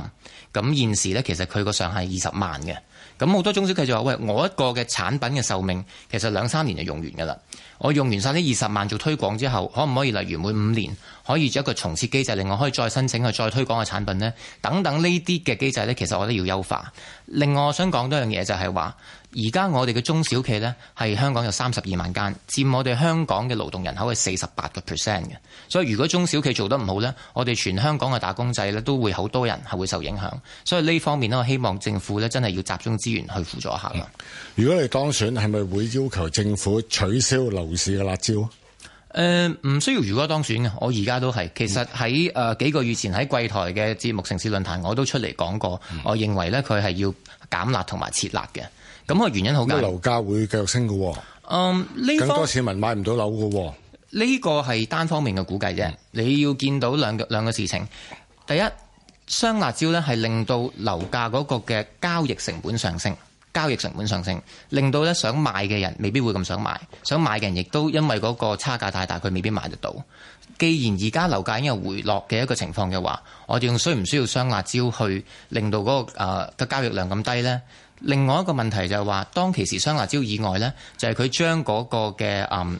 咁現時呢，其實佢個上限係二十萬嘅，咁好多中小企就話：喂，我一個嘅產品嘅壽命其實兩三年就用完㗎啦。我用完晒呢二十萬做推廣之後，可唔可以例如每五年？可以做一個重設機制，另外可以再申請、去再推廣嘅產品咧，等等呢啲嘅機制咧，其實我覺得要優化。另外，我想講多樣嘢就係話，而家我哋嘅中小企呢，係香港有三十二萬間，佔我哋香港嘅勞動人口嘅四十八個 percent 嘅。所以如果中小企做得唔好呢，我哋全香港嘅打工仔咧都會好多人係會受影響。所以呢方面咧，我希望政府咧真係要集中資源去輔助一下。如果你當選，係咪會要求政府取消樓市嘅辣招？誒唔、呃、需要，如果當選嘅，我而家都係。其實喺誒、呃、幾個月前喺貴台嘅節目城市論壇，我都出嚟講過。嗯、我認為呢，佢係要減辣同埋撤辣嘅。咁、那個原因好簡單。樓價會繼續升嘅、哦。嗯，呢方更多市民買唔到樓嘅、哦。呢個係單方面嘅估計啫。嗯、你要見到兩個兩個事情。第一，雙辣招呢係令到樓價嗰個嘅交易成本上升。交易成本上升，令到咧想買嘅人未必會咁想買，想買嘅人亦都因為嗰個差價太大，大，佢未必買得到。既然而家樓樓價已經有回落嘅一個情況嘅話，我哋用需唔需要雙辣椒去令到嗰、那個誒嘅、呃、交易量咁低咧？另外一個問題就係話，當其時雙辣椒以外咧，就係佢將嗰個嘅嗯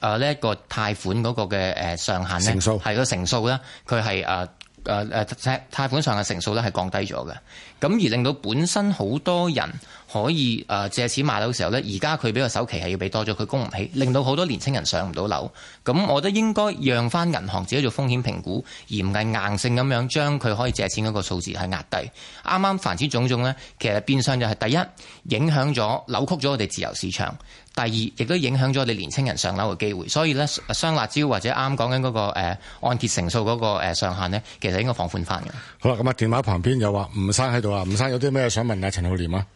誒呢一個貸款嗰個嘅誒上限咧，係個成數啦，佢係誒誒誒貸款上限成數咧係降低咗嘅，咁而令到本身好多人。可以誒借錢買樓嘅時候呢，而家佢俾個首期係要俾多咗，佢供唔起，令到好多年青人上唔到樓。咁我覺得應該讓翻銀行自己做風險評估，而唔係硬性咁樣將佢可以借錢嗰個數字係壓低。啱啱凡此種種呢，其實變相就係第一影響咗扭曲咗我哋自由市場，第二亦都影響咗我哋年青人上樓嘅機會。所以呢，雙辣椒或者啱講緊嗰個按揭成數嗰個上限呢，其實應該放寬翻嘅。好啦，咁啊電話旁邊有話吳生喺度啊，吳生有啲咩想問下陳浩濂啊？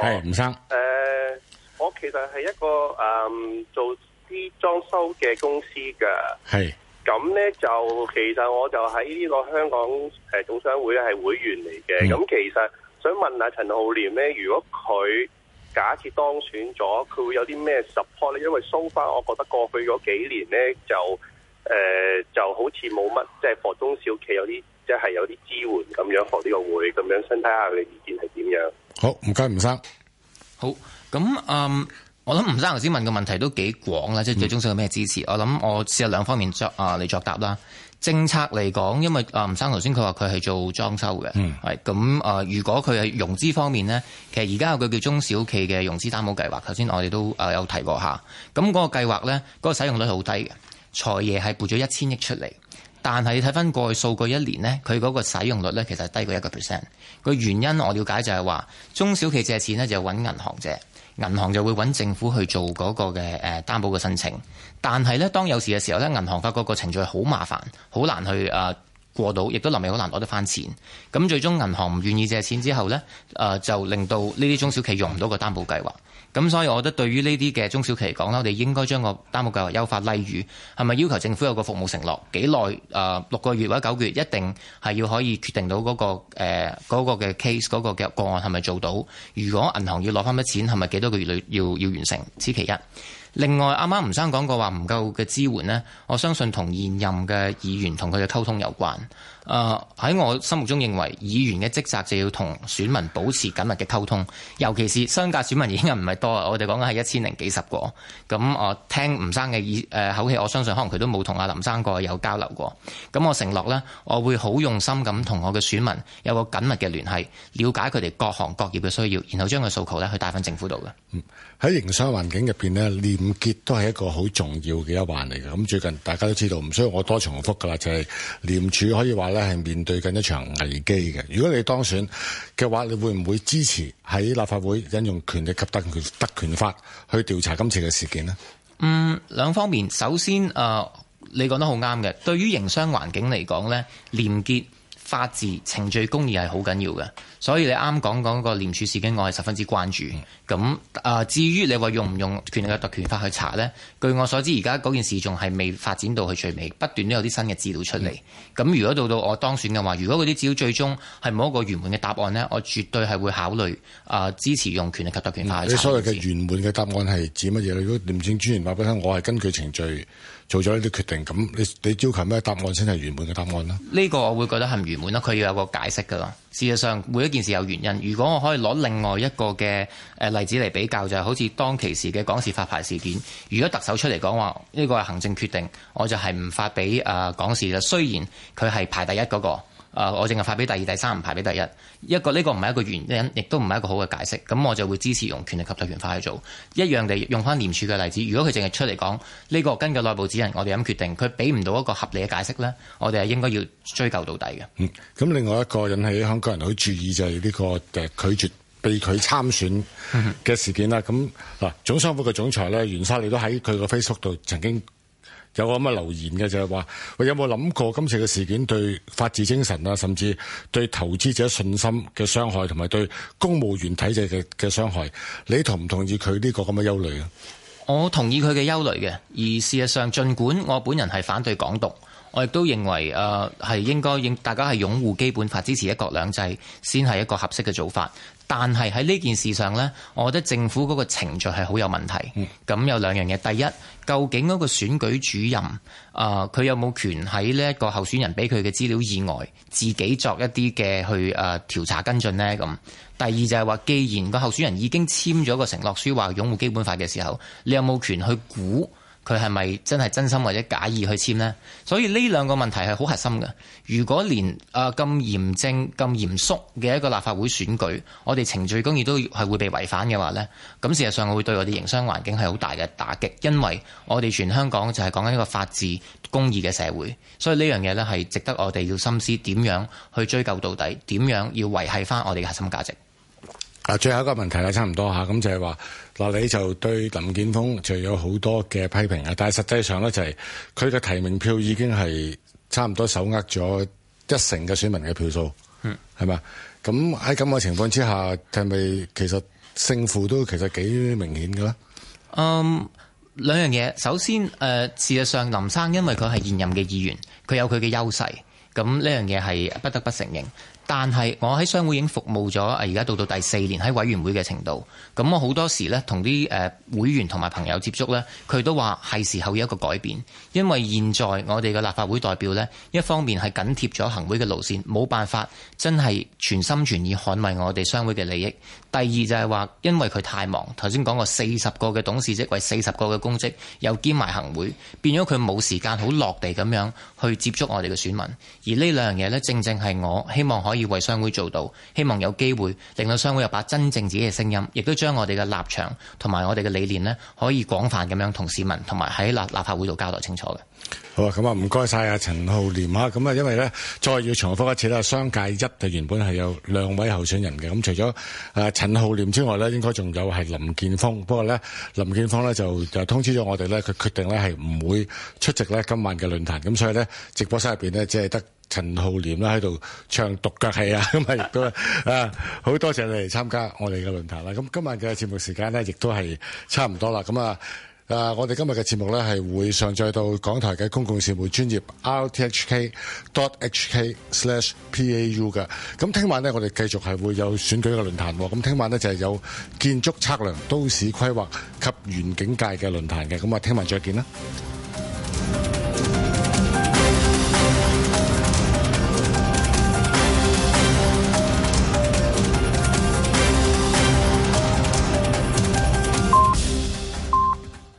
係吳生，誒、呃，我其實係一個誒、呃、做啲裝修嘅公司噶係咁咧就其實我就喺呢個香港誒、呃、總商會咧係會員嚟嘅。咁是其實想問下陳浩廉咧，如果佢假設當選咗，佢會有啲咩 support 咧？因為 so far，我覺得過去嗰幾年咧就誒、呃、就好似冇乜，即係服中小企有啲即係有啲支援咁樣服呢個會，咁樣先睇下佢嘅意見係點樣。好唔該，吳生好。咁。嗯、呃，我諗吳生頭先問嘅問題都幾廣啦，即係對中小企有咩支持？嗯、我諗我試下兩方面作啊嚟，作答啦。政策嚟講，因為啊，吳生頭先佢話佢係做裝修嘅，嗯，係咁啊。如果佢係融資方面咧，其實而家有個叫中小企嘅融資擔保計劃。頭先我哋都啊有提過下咁嗰個計劃咧，嗰，那個使用率好低嘅。財爺係撥咗一千億出嚟。但係睇翻過去數據一年呢，佢嗰個使用率呢，其實低過一個 percent。個原因我了解就係話中小企借錢呢，就揾銀行借，銀行就會揾政府去做嗰個嘅誒擔保嘅申請。但係呢，當有事嘅時候呢，銀行發覺嗰個程序好麻煩，好難去誒。呃過到，亦都臨尾好難攞得翻錢。咁最終銀行唔願意借錢之後呢，誒、呃、就令到呢啲中小企用唔到個擔保計劃。咁所以我覺得對於呢啲嘅中小企嚟講啦，我哋應該將個擔保計劃優化，例如係咪要求政府有個服務承諾，幾耐誒六個月或者九個月一定係要可以決定到嗰、嗰個誒嘅、呃嗰個、case 嗰個嘅個案係咪做到？如果銀行要攞翻筆錢，係咪幾多個月裏要要，要完成？此其一。另外，啱啱吳生講過話唔夠嘅支援呢，我相信同現任嘅議員同佢嘅溝通有關。誒喺、uh, 我心目中認為，議員嘅職責就要同選民保持緊密嘅溝通，尤其是商界選民已經係唔係多啊？我哋講緊係一千零幾十個。咁、嗯、我聽吳生嘅耳誒口氣，我相信可能佢都冇同阿林生過有交流過。咁、嗯、我承諾呢，我會好用心咁同我嘅選民有個緊密嘅聯繫，了解佢哋各行各業嘅需要，然後將個訴求呢去帶翻政府度嘅。喺營、嗯、商環境入邊呢，廉潔都係一個好重要嘅一環嚟嘅。咁最近大家都知道，唔需要我多重複㗎喇，就係、是、廉署可以話。都係面對緊一場危機嘅。如果你當選嘅話，你會唔會支持喺立法會引用權力及特權，特權法去調查今次嘅事件呢？嗯，兩方面。首先，誒、呃，你講得好啱嘅。對於營商環境嚟講呢，廉潔、法治、程序公義係好緊要嘅。所以你啱講講個廉署事件，我係十分之關注。咁啊，至於你話用唔用權力及特權法去查呢？據我所知，而家嗰件事仲係未發展到去最尾，不斷都有啲新嘅資料出嚟。咁、嗯、如果到到我當選嘅話，如果嗰啲資料最終係冇一個圓滿嘅答案呢，我絕對係會考慮啊支持用權力及特權法去查、嗯、你所謂嘅圓滿嘅答案係指乜嘢咧？如果廉政專員話俾我聽，我係根據程序做咗呢啲決定，咁你你要求咩答案先係圓滿嘅答案呢？呢個我會覺得係唔圓滿咯。佢要有個解釋㗎咯。事實上每一件事有原因。如果我可以攞另外一個嘅誒例子嚟比較，就係、是、好似當其時嘅港視發牌事件。如果特首出嚟講話，呢、這個係行政決定，我就係唔發俾誒、呃、港視，啦。雖然佢係排第一嗰、那個。誒，我淨係發俾第二、第三，唔排俾第一。一個呢、呢個唔係一個原因，亦都唔係一個好嘅解釋。咁我就會支持用權力及特權化去做一樣地。用翻廉署嘅例子。如果佢淨係出嚟講呢、呢個根據內部指引，我哋咁決定，佢俾唔到一個合理嘅解釋咧，我哋係應該要追究到底嘅。嗯，咁另外一個引起香港人好注意就係呢個誒拒絕被拒參選嘅事件啦。咁嗱、嗯哼，總商會嘅總裁咧，袁莎妮都喺佢個 Facebook 度曾經，有個咁嘅留言嘅就係、是、話：喂有冇諗過今次嘅事件對法治精神啊，甚至對投資者信心嘅傷害，同埋對公務員體制嘅嘅傷害？你同唔同意佢呢個咁嘅憂慮？我同意佢嘅憂慮嘅。而事實上，儘管我本人係反對港獨，我亦都認為誒係、呃、應該應大家係擁護基本法，支持一國兩制，先係一個合適嘅做法。但係喺呢件事上呢，我覺得政府嗰個程序係好有問題。咁有兩樣嘢，第一，究竟嗰個選舉主任啊，佢、呃、有冇權喺呢一個候選人俾佢嘅資料以外，自己作一啲嘅去誒調查跟進呢？咁第二就係話，既然個候選人已經簽咗個承諾書，話擁護基本法嘅時候，你有冇權去估？佢係咪真係真心或者假意去簽呢？所以呢兩個問題係好核心嘅。如果連啊咁嚴正、咁嚴肅嘅一個立法會選舉，我哋程序公義都係會被違反嘅話呢，咁事實上我會對我哋營商環境係好大嘅打擊，因為我哋全香港就係講緊一個法治公義嘅社會。所以呢樣嘢呢係值得我哋要深思，點樣去追究到底，點樣要維係翻我哋嘅核心價值。啊，最後一個問題啦，差唔多嚇，咁就係話嗱，你就對林健鋒就有好多嘅批評啊，但係實際上咧就係佢嘅提名票已經係差唔多手握咗一成嘅選民嘅票數，嗯，係嘛？咁喺咁嘅情況之下，係咪其實勝負都其實幾明顯嘅咧？嗯，兩樣嘢，首先誒、呃，事實上林生因為佢係現任嘅議員，佢有佢嘅優勢，咁呢樣嘢係不得不承認。但係我喺商會已經服務咗，而家到到第四年喺委員會嘅程度，咁我好多時咧同啲誒會員同埋朋友接觸咧，佢都話係時候有一個改變，因為現在我哋嘅立法會代表咧，一方面係緊貼咗行會嘅路線，冇辦法真係全心全意捍衛我哋商會嘅利益；第二就係話因為佢太忙，頭先講過四十個嘅董事職位，四十個嘅公職又兼埋行會變咗佢冇時間好落地咁樣去接觸我哋嘅選民，而呢兩樣嘢咧，正正係我希望可以。可以為商會做到，希望有機會令到商會有把真正自己嘅聲音，亦都將我哋嘅立場同埋我哋嘅理念咧，可以廣泛咁樣同市民同埋喺立立法會度交代清楚嘅。好啊，咁啊，唔該晒啊。陳浩濂啊，咁啊，因為咧，再要重複一次啦，商界一就原本係有兩位候選人嘅，咁除咗啊陳浩濂之外咧，應該仲有係林健鋒，不過咧，林健鋒咧就就通知咗我哋咧，佢決定咧係唔會出席咧今晚嘅論壇，咁所以咧，直播室入邊咧，即係得陳浩濂啦喺度唱獨腳戲啊，咁啊，亦都啊，好多謝你嚟參加我哋嘅論壇啦，咁今晚嘅節目時間咧，亦都係差唔多啦，咁啊。啊！我哋今日嘅節目呢，係會上載到港台嘅公共事務專頁 rthk.hk/slashpau 嘅。咁聽晚呢，我哋繼續係會有選舉嘅論壇。咁聽晚呢，就係有建築測量、都市規劃及園景界嘅論壇嘅。咁啊，聽晚再見啦！